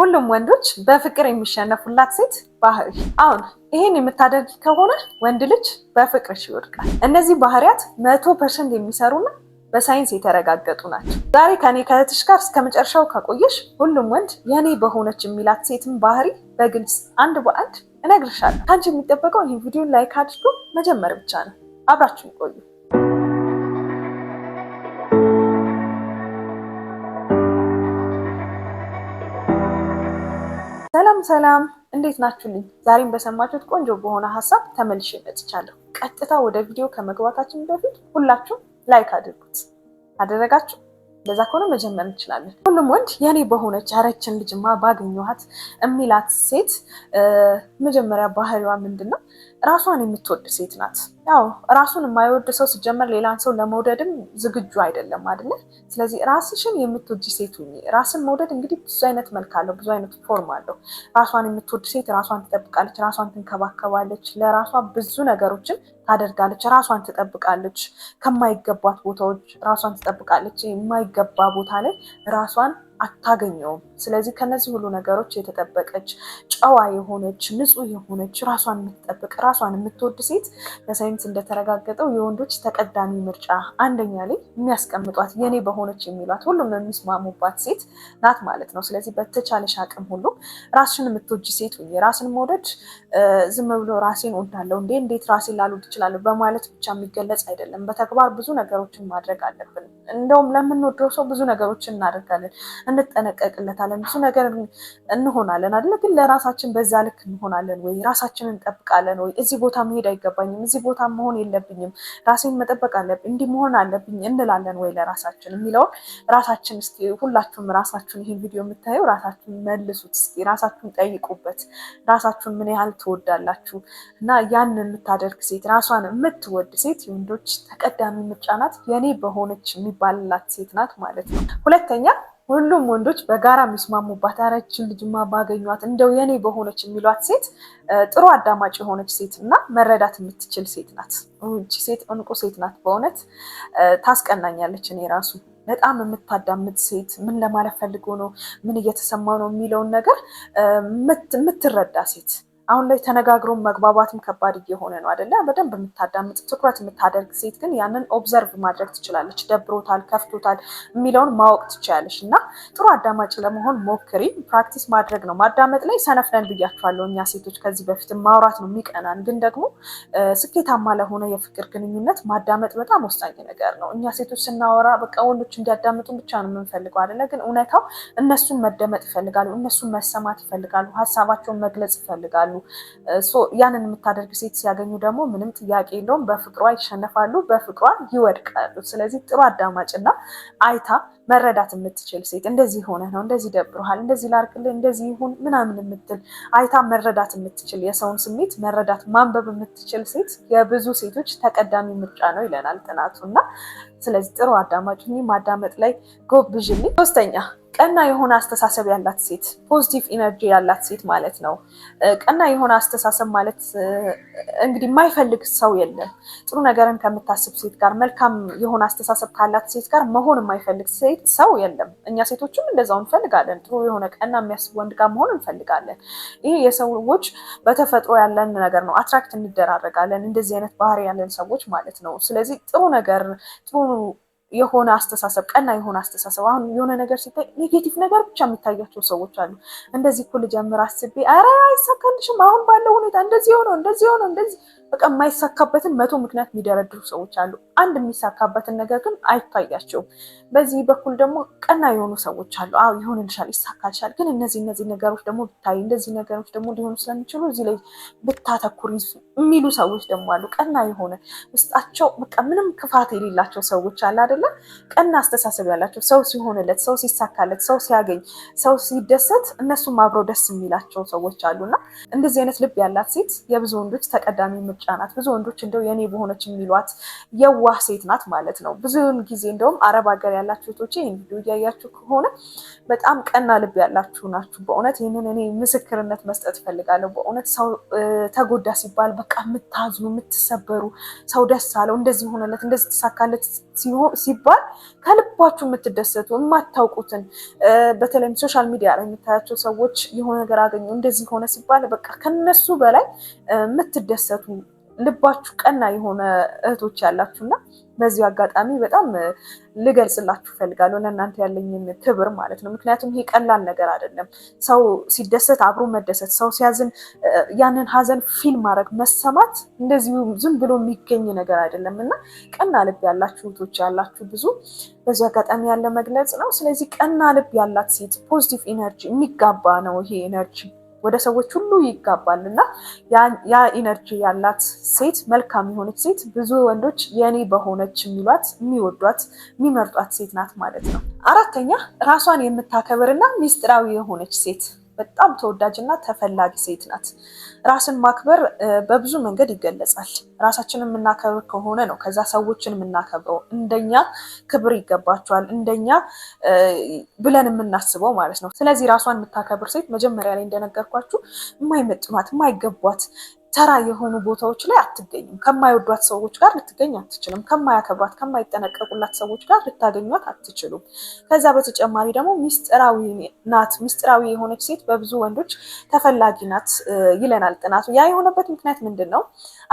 ሁሉም ወንዶች በፍቅር የሚሸነፉላት ሴት ባህሪ። አሁን ይህን የምታደርጊ ከሆነ ወንድ ልጅ በፍቅርሽ ይወድቃል። እነዚህ ባህሪያት መቶ ፐርሰንት የሚሰሩና በሳይንስ የተረጋገጡ ናቸው። ዛሬ ከኔ ከእህትሽ ጋር እስከ መጨረሻው ከቆየሽ ሁሉም ወንድ የኔ በሆነች የሚላት ሴትን ባህሪ በግልጽ አንድ በአንድ እነግርሻለሁ። ከአንቺ የሚጠበቀው ይህ ቪዲዮ ላይክ አድርጎ መጀመር ብቻ ነው። አብራችሁ ይቆዩ። ሰላም እንዴት ናችሁልኝ? ዛሬም በሰማችሁት ቆንጆ በሆነ ሀሳብ ተመልሼ መጥቻለሁ። ቀጥታ ወደ ቪዲዮ ከመግባታችን በፊት ሁላችሁም ላይክ አድርጉት። አደረጋችሁ? በዛ ከሆነ መጀመር እንችላለን። ሁሉም ወንድ የኔ በሆነች ያረችን ልጅማ ባገኘኋት የሚላት ሴት መጀመሪያ ባህሪዋ ምንድን ነው? ራሷን የምትወድ ሴት ናት። ያው ራሱን የማይወድ ሰው ሲጀመር ሌላን ሰው ለመውደድም ዝግጁ አይደለም አይደለ? ስለዚህ ራስሽን የምትወጂ ሴት ሁኚ። ራስን መውደድ እንግዲህ ብዙ አይነት መልክ አለው፣ ብዙ አይነት ፎርም አለው። ራሷን የምትወድ ሴት ራሷን ትጠብቃለች፣ ራሷን ትንከባከባለች፣ ለራሷ ብዙ ነገሮችን ታደርጋለች፣ ራሷን ትጠብቃለች፣ ከማይገባት ቦታዎች ራሷን ትጠብቃለች። የማይገባ ቦታ ላይ ራሷን አታገኘውም። ስለዚህ ከነዚህ ሁሉ ነገሮች የተጠበቀች ጨዋ የሆነች ንጹህ የሆነች ራሷን የምትጠብቅ ራሷን የምትወድ ሴት ለሳይ በሳይንስ እንደተረጋገጠው የወንዶች ተቀዳሚ ምርጫ አንደኛ ላይ የሚያስቀምጧት የኔ በሆነች የሚሏት ሁሉም የሚስማሙባት ሴት ናት ማለት ነው። ስለዚህ በተቻለሽ አቅም ሁሉ ራስሽን የምትወጅ ሴት ሁኚ። ራስን መውደድ ዝም ብሎ ራሴን ወዳለው እንዴ እንዴት ራሴን ላልወድ እችላለሁ በማለት ብቻ የሚገለጽ አይደለም። በተግባር ብዙ ነገሮችን ማድረግ አለብን። እንደውም ለምንወደው ሰው ብዙ ነገሮችን እናደርጋለን፣ እንጠነቀቅለታለን፣ ብዙ ነገር እንሆናለን አይደለ? ግን ለራሳችን በዛ ልክ እንሆናለን ወይ? ራሳችንን እንጠብቃለን ወይ? እዚህ ቦታ መሄድ አይገባኝም፣ እዚህ ቦታ ሀብታም መሆን የለብኝም፣ ራሴን መጠበቅ አለብኝ፣ እንዲህ መሆን አለብኝ እንላለን ወይ ለራሳችን የሚለውን ራሳችን እስኪ ሁላችሁም ራሳችሁን ይህን ቪዲዮ የምታየው ራሳችሁን መልሱት እስኪ፣ ራሳችሁን ጠይቁበት። ራሳችሁን ምን ያህል ትወዳላችሁ? እና ያንን የምታደርግ ሴት ራሷን የምትወድ ሴት የወንዶች ተቀዳሚ ምርጫ ናት። የኔ በሆነች የሚባልላት ሴት ናት ማለት ነው። ሁለተኛ ሁሉም ወንዶች በጋራ የሚስማሙባት አረችን ልጅማ ባገኟት እንደው የኔ በሆነች የሚሏት ሴት ጥሩ አዳማጭ የሆነች ሴት እና መረዳት የምትችል ሴት ናት። እቺ ሴት እንቁ ሴት ናት። በእውነት ታስቀናኛለች። እኔ ራሱ በጣም የምታዳምጥ ሴት፣ ምን ለማለት ፈልጎ ነው፣ ምን እየተሰማ ነው የሚለውን ነገር የምትረዳ ሴት አሁን ላይ ተነጋግሮ መግባባትም ከባድ እየሆነ ነው አይደለ? በደንብ የምታዳምጥ ትኩረት የምታደርግ ሴት ግን ያንን ኦብዘርቭ ማድረግ ትችላለች። ደብሮታል፣ ከፍቶታል የሚለውን ማወቅ ትችላለች። እና ጥሩ አዳማጭ ለመሆን ሞክሪ። ፕራክቲስ ማድረግ ነው። ማዳመጥ ላይ ሰነፍነን ብያቸዋለሁ እኛ ሴቶች ከዚህ በፊት ማውራት ነው የሚቀናን፣ ግን ደግሞ ስኬታማ ለሆነ የፍቅር ግንኙነት ማዳመጥ በጣም ወሳኝ ነገር ነው። እኛ ሴቶች ስናወራ በቃ ወንዶች እንዲያዳምጡን ብቻ ነው የምንፈልገው አደለ? ግን እውነታው እነሱን መደመጥ ይፈልጋሉ፣ እነሱን መሰማት ይፈልጋሉ፣ ሀሳባቸውን መግለጽ ይፈልጋሉ። ይችላሉ። ያንን የምታደርግ ሴት ሲያገኙ ደግሞ ምንም ጥያቄ የለውም በፍቅሯ ይሸነፋሉ፣ በፍቅሯ ይወድቃሉ። ስለዚህ ጥሩ አዳማጭና አይታ መረዳት የምትችል ሴት እንደዚህ ሆነ ነው እንደዚህ ደብረሃል፣ እንደዚህ ላርቅልህ፣ እንደዚህ ይሁን ምናምን የምትል አይታ መረዳት የምትችል የሰውን ስሜት መረዳት ማንበብ የምትችል ሴት የብዙ ሴቶች ተቀዳሚ ምርጫ ነው ይለናል ጥናቱ እና ስለዚህ ጥሩ አዳማጭ ማዳመጥ ላይ ጎብዥልኝ። ሶስተኛ ቀና የሆነ አስተሳሰብ ያላት ሴት ፖዚቲቭ ኢነርጂ ያላት ሴት ማለት ነው። ቀና የሆነ አስተሳሰብ ማለት እንግዲህ የማይፈልግ ሰው የለም። ጥሩ ነገርን ከምታስብ ሴት ጋር፣ መልካም የሆነ አስተሳሰብ ካላት ሴት ጋር መሆን የማይፈልግ ሴት ሰው የለም። እኛ ሴቶችም እንደዛው እንፈልጋለን። ጥሩ የሆነ ቀና የሚያስብ ወንድ ጋር መሆን እንፈልጋለን። ይህ የሰዎች በተፈጥሮ ያለን ነገር ነው። አትራክት እንደራረጋለን፣ እንደዚህ አይነት ባህሪ ያለን ሰዎች ማለት ነው። ስለዚህ ጥሩ ነገር ጥሩ የሆነ አስተሳሰብ ቀና የሆነ አስተሳሰብ አሁን የሆነ ነገር ሲታይ ኔጌቲቭ ነገር ብቻ የሚታያቸው ሰዎች አሉ። እንደዚህ እኮ ልጀምር አስቤ ኧረ አይሳካልሽም፣ አሁን ባለው ሁኔታ እንደዚህ የሆነው እንደዚህ የሆነው እንደዚህ በቃ የማይሳካበትን መቶ ምክንያት የሚደረድሩ ሰዎች አሉ። አንድ የሚሳካበትን ነገር ግን አይታያቸውም። በዚህ በኩል ደግሞ ቀና የሆኑ ሰዎች አሉ። አዎ ይሆንልሻል፣ ይሳካልሻል፣ ግን እነዚህ እነዚህ ነገሮች ደግሞ ብታይ፣ እንደዚህ ነገሮች ደግሞ ሊሆኑ ስለሚችሉ እዚህ ላይ ብታተኩር የሚሉ ሰዎች ደግሞ አሉ። ቀና የሆነ ውስጣቸው በቃ ምንም ክፋት የሌላቸው ሰዎች አለ አይደለ? ቀና አስተሳሰብ ያላቸው ሰው ሲሆንለት፣ ሰው ሲሳካለት፣ ሰው ሲያገኝ፣ ሰው ሲደሰት እነሱም አብረው ደስ የሚላቸው ሰዎች አሉና እንደዚህ አይነት ልብ ያላት ሴት የብዙ ወንዶች ተቀዳሚ ምርጫ ብልጫ ናት። ብዙ ወንዶች እንደው የኔ በሆነች የሚሏት የዋህ ሴት ናት ማለት ነው። ብዙውን ጊዜ እንደውም አረብ ሀገር ያላችሁ ሴቶች ይህን ቪዲዮ እያያችሁ ከሆነ በጣም ቀና ልብ ያላችሁ ናችሁ። በእውነት ይህንን እኔ ምስክርነት መስጠት እፈልጋለሁ። በእውነት ሰው ተጎዳ ሲባል በቃ የምታዝኑ የምትሰበሩ፣ ሰው ደስ አለው እንደዚህ ሆነለት እንደዚህ ተሳካለት ሲባል ከልባችሁ የምትደሰቱ የማታውቁትን በተለይም ሶሻል ሚዲያ ላይ የምታያቸው ሰዎች የሆነ ነገር አገኙ እንደዚህ ሆነ ሲባል በቃ ከነሱ በላይ የምትደሰቱ ልባችሁ ቀና የሆነ እህቶች ያላችሁና በዚሁ አጋጣሚ በጣም ልገልጽላችሁ እፈልጋለሁ ለእናንተ ያለኝን ክብር ማለት ነው። ምክንያቱም ይሄ ቀላል ነገር አይደለም። ሰው ሲደሰት አብሮ መደሰት፣ ሰው ሲያዝን ያንን ሀዘን ፊል ማድረግ መሰማት እንደዚሁ ዝም ብሎ የሚገኝ ነገር አይደለም እና ቀና ልብ ያላችሁ እህቶች ያላችሁ ብዙ በዚሁ አጋጣሚ ያለ መግለጽ ነው። ስለዚህ ቀና ልብ ያላት ሴት ፖዚቲቭ ኢነርጂ የሚጋባ ነው ይሄ ኢነርጂ ወደ ሰዎች ሁሉ ይጋባል እና ያ ኢነርጂ ያላት ሴት መልካም የሆነች ሴት ብዙ ወንዶች የኔ በሆነች የሚሏት የሚወዷት የሚመርጧት ሴት ናት ማለት ነው። አራተኛ ራሷን የምታከብርና ሚስጥራዊ የሆነች ሴት በጣም ተወዳጅና ተፈላጊ ሴት ናት። ራስን ማክበር በብዙ መንገድ ይገለጻል። ራሳችንን የምናከብር ከሆነ ነው ከዛ ሰዎችን የምናከብረው። እንደኛ ክብር ይገባቸዋል፣ እንደኛ ብለን የምናስበው ማለት ነው። ስለዚህ ራሷን የምታከብር ሴት መጀመሪያ ላይ እንደነገርኳችሁ የማይመጥኗት የማይገቧት ተራ የሆኑ ቦታዎች ላይ አትገኝም። ከማይወዷት ሰዎች ጋር ልትገኝ አትችልም። ከማያከብሯት፣ ከማይጠነቀቁላት ሰዎች ጋር ልታገኟት አትችሉም። ከዛ በተጨማሪ ደግሞ ሚስጥራዊ ናት። ሚስጥራዊ የሆነች ሴት በብዙ ወንዶች ተፈላጊ ናት ይለናል ጥናቱ። ያ የሆነበት ምክንያት ምንድን ነው?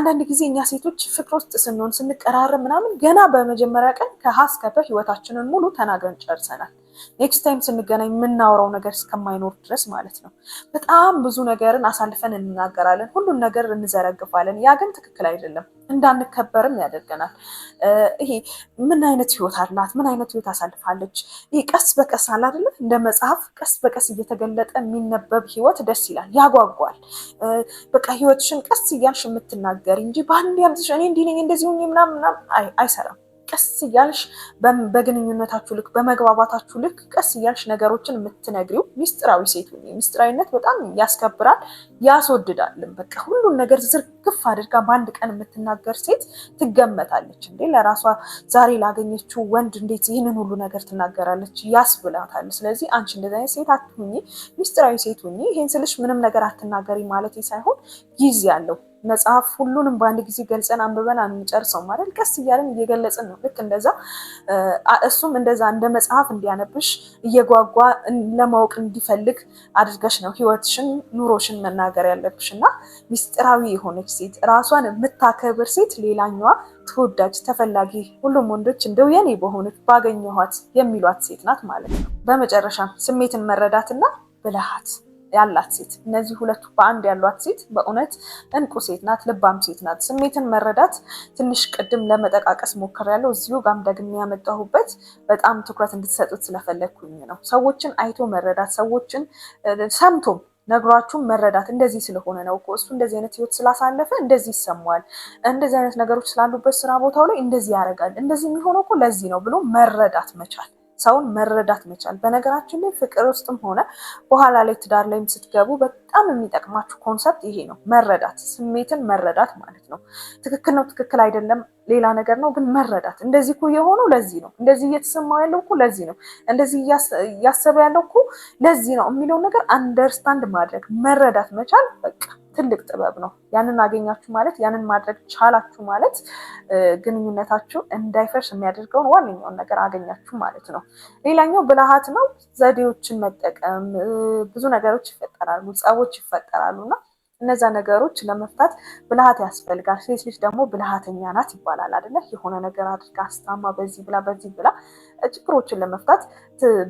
አንዳንድ ጊዜ እኛ ሴቶች ፍቅር ውስጥ ስንሆን ስንቀራረብ ምናምን ገና በመጀመሪያ ቀን ከሀ እስከ ፐ ህይወታችንን ሙሉ ተናግረን ጨርሰናል። ኔክስት ታይም ስንገናኝ የምናውረው ነገር እስከማይኖር ድረስ ማለት ነው። በጣም ብዙ ነገርን አሳልፈን እንናገራለን፣ ሁሉን ነገር እንዘረግፋለን። ያ ግን ትክክል አይደለም፣ እንዳንከበርም ያደርገናል። ይሄ ምን አይነት ህይወት አላት? ምን አይነት ህይወት አሳልፋለች? ይሄ ቀስ በቀስ አለ አይደለም፣ እንደ መጽሐፍ ቀስ በቀስ እየተገለጠ የሚነበብ ህይወት ደስ ይላል፣ ያጓጓል። በቃ ህይወትሽን ቀስ እያልሽ የምትናገር እንጂ በአንድ ያልሽ እኔ እንዲህ ነኝ እንደዚህ ምናምን ምናምን አይሰራም። ቀስ እያልሽ በግንኙነታችሁ ልክ በመግባባታችሁ ልክ ቀስ እያልሽ ነገሮችን የምትነግሪው ሚስጥራዊ ሴት ሁኚ። ሚስጥራዊነት በጣም ያስከብራል ያስወድዳልም። በቃ ሁሉን ነገር ዝርግፍ አድርጋ በአንድ ቀን የምትናገር ሴት ትገመታለች እንዴ ለራሷ ዛሬ ላገኘችው ወንድ እንዴት ይህንን ሁሉ ነገር ትናገራለች ያስብላታል። ስለዚህ አንቺ እንደዚህ አይነት ሴት አትሁኚ፣ ሚስጥራዊ ሴት ሁኚ። ይህን ስልሽ ምንም ነገር አትናገሪ ማለት ሳይሆን ጊዜ አለው መጽሐፍ ሁሉንም በአንድ ጊዜ ገልጸን አንብበን አንጨርሰው ማለት ቀስ እያለን እየገለጽን ነው። ልክ እንደዛ እሱም እንደዛ እንደ መጽሐፍ እንዲያነብሽ እየጓጓ ለማወቅ እንዲፈልግ አድርገሽ ነው ህይወትሽን ኑሮሽን መናገር ያለብሽ እና ሚስጥራዊ የሆነች ሴት ራሷን የምታከብር ሴት ሌላኛዋ ተወዳጅ ተፈላጊ ሁሉም ወንዶች እንደው የኔ በሆነች ባገኘኋት የሚሏት ሴት ናት ማለት ነው። በመጨረሻም ስሜትን መረዳትና ብልሃት ያላት ሴት እነዚህ ሁለቱ በአንድ ያሏት ሴት በእውነት እንቁ ሴት ናት፣ ልባም ሴት ናት። ስሜትን መረዳት ትንሽ ቅድም ለመጠቃቀስ ያለው እዚሁ ጋም ደግሜ ያመጣሁበት በጣም ትኩረት እንድትሰጡት ስለፈለግኩኝ ነው። ሰዎችን አይቶ መረዳት፣ ሰዎችን ሰምቶም ነግሯችሁም መረዳት እንደዚህ ስለሆነ ነው እኮ እሱ እንደዚህ አይነት ህይወት ስላሳለፈ እንደዚህ ይሰማዋል፣ እንደዚህ አይነት ነገሮች ስላሉበት ስራ ቦታው ላይ እንደዚህ ያደርጋል፣ እንደዚህ የሚሆነው እኮ ለዚህ ነው ብሎ መረዳት መቻል ሰውን መረዳት መቻል። በነገራችን ላይ ፍቅር ውስጥም ሆነ በኋላ ላይ ትዳር ላይም ስትገቡ በጣም የሚጠቅማችሁ ኮንሰፕት ይሄ ነው፣ መረዳት፣ ስሜትን መረዳት ማለት ነው። ትክክል ነው፣ ትክክል አይደለም፣ ሌላ ነገር ነው። ግን መረዳት እንደዚህ እኮ የሆነው ለዚህ ነው፣ እንደዚህ እየተሰማ ያለው እኮ ለዚህ ነው፣ እንደዚህ እያሰበ ያለው እኮ ለዚህ ነው የሚለውን ነገር አንደርስታንድ ማድረግ መረዳት መቻል በቃ ትልቅ ጥበብ ነው። ያንን አገኛችሁ ማለት ያንን ማድረግ ቻላችሁ ማለት ግንኙነታችሁ እንዳይፈርስ የሚያደርገውን ዋነኛውን ነገር አገኛችሁ ማለት ነው። ሌላኛው ብልሃት ነው። ዘዴዎችን መጠቀም ብዙ ነገሮች ይፈጠራሉ፣ ጸቦች ይፈጠራሉ እና እነዛ ነገሮች ለመፍታት ብልሃት ያስፈልጋል። ሴት ልጅ ደግሞ ብልሃተኛ ናት ይባላል አይደለ? የሆነ ነገር አድርጋ አስታማ፣ በዚህ ብላ፣ በዚህ ብላ ችግሮችን ለመፍታት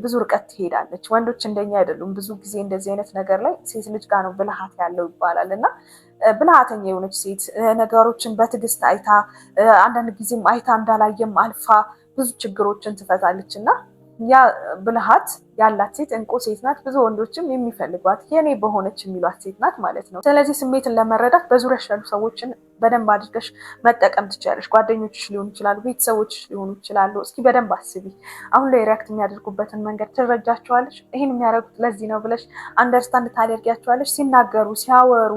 ብዙ ርቀት ትሄዳለች። ወንዶች እንደኛ አይደሉም። ብዙ ጊዜ እንደዚህ አይነት ነገር ላይ ሴት ልጅ ጋር ነው ብልሃት ያለው ይባላል እና ብልሃተኛ የሆነች ሴት ነገሮችን በትዕግስት አይታ አንዳንድ ጊዜም አይታ እንዳላየም አልፋ ብዙ ችግሮችን ትፈታለች እና ያ ብልሃት ያላት ሴት እንቁ ሴት ናት። ብዙ ወንዶችም የሚፈልጓት የኔ በሆነች የሚሏት ሴት ናት ማለት ነው። ስለዚህ ስሜትን ለመረዳት በዙሪያሽ ያሉ ሰዎችን በደንብ አድርገሽ መጠቀም ትችላለሽ። ጓደኞችሽ ሊሆኑ ይችላሉ፣ ቤተሰቦችሽ ሊሆኑ ይችላሉ። እስኪ በደንብ አስቢ። አሁን ላይ ሪያክት የሚያደርጉበትን መንገድ ትረጃቸዋለሽ። ይህን የሚያደርጉት ለዚህ ነው ብለሽ አንደርስታንድ ታደርጊያቸዋለሽ። ሲናገሩ፣ ሲያወሩ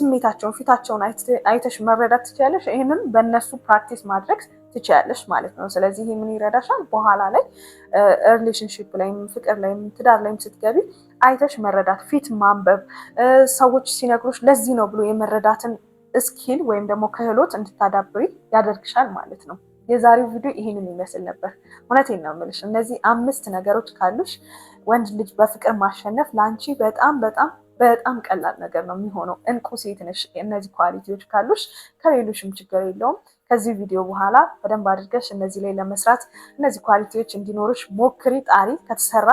ስሜታቸውን ፊታቸውን አይተሽ መረዳት ትችላለሽ። ይህንን በእነሱ ፕራክቲስ ማድረግ ትችያለሽ ማለት ነው። ስለዚህ ይህ ምን ይረዳሻል? በኋላ ላይ ሪሌሽንሽፕ ላይም ፍቅር ላይም ትዳር ላይም ስትገቢ አይተሽ መረዳት፣ ፊት ማንበብ፣ ሰዎች ሲነግሮች ለዚህ ነው ብሎ የመረዳትን ስኪል ወይም ደግሞ ክህሎት እንድታዳብሪ ያደርግሻል ማለት ነው። የዛሬው ቪዲዮ ይህንን ይመስል ነበር። እውነቴን ነው የምልሽ እነዚህ አምስት ነገሮች ካሉሽ ወንድ ልጅ በፍቅር ማሸነፍ ለአንቺ በጣም በጣም በጣም ቀላል ነገር ነው የሚሆነው። እንቁ ሴት ነሽ። እነዚህ ኳሊቲዎች ካሉሽ ከሌሎችም ችግር የለውም። ከዚህ ቪዲዮ በኋላ በደንብ አድርገሽ እነዚህ ላይ ለመስራት እነዚህ ኳሊቲዎች እንዲኖሩሽ ሞክሪ፣ ጣሪ። ከተሰራ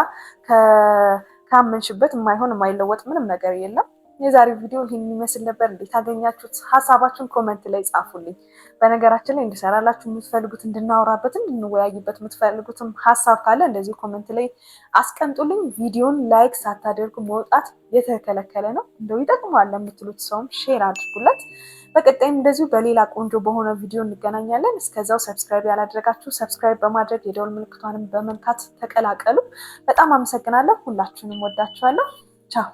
ካመንሽበት የማይሆን የማይለወጥ ምንም ነገር የለም። የዛሬው ቪዲዮ ይህን ይመስል ነበር። እንዴት አገኛችሁት? ሀሳባችሁን ኮመንት ላይ ጻፉልኝ። በነገራችን ላይ እንድሰራላችሁ የምትፈልጉት እንድናወራበት፣ እንድንወያይበት የምትፈልጉትም ሀሳብ ካለ እንደዚሁ ኮመንት ላይ አስቀምጡልኝ። ቪዲዮን ላይክ ሳታደርጉ መውጣት የተከለከለ ነው። እንደው ይጠቅመዋል ለምትሉት ሰውም ሼር አድርጉለት። በቀጣይም እንደዚሁ በሌላ ቆንጆ በሆነ ቪዲዮ እንገናኛለን። እስከዛው ሰብስክራይብ ያላደረጋችሁ ሰብስክራይብ በማድረግ የደውል ምልክቷንም በመንካት ተቀላቀሉ። በጣም አመሰግናለሁ። ሁላችሁንም ወዳችኋለሁ። ቻው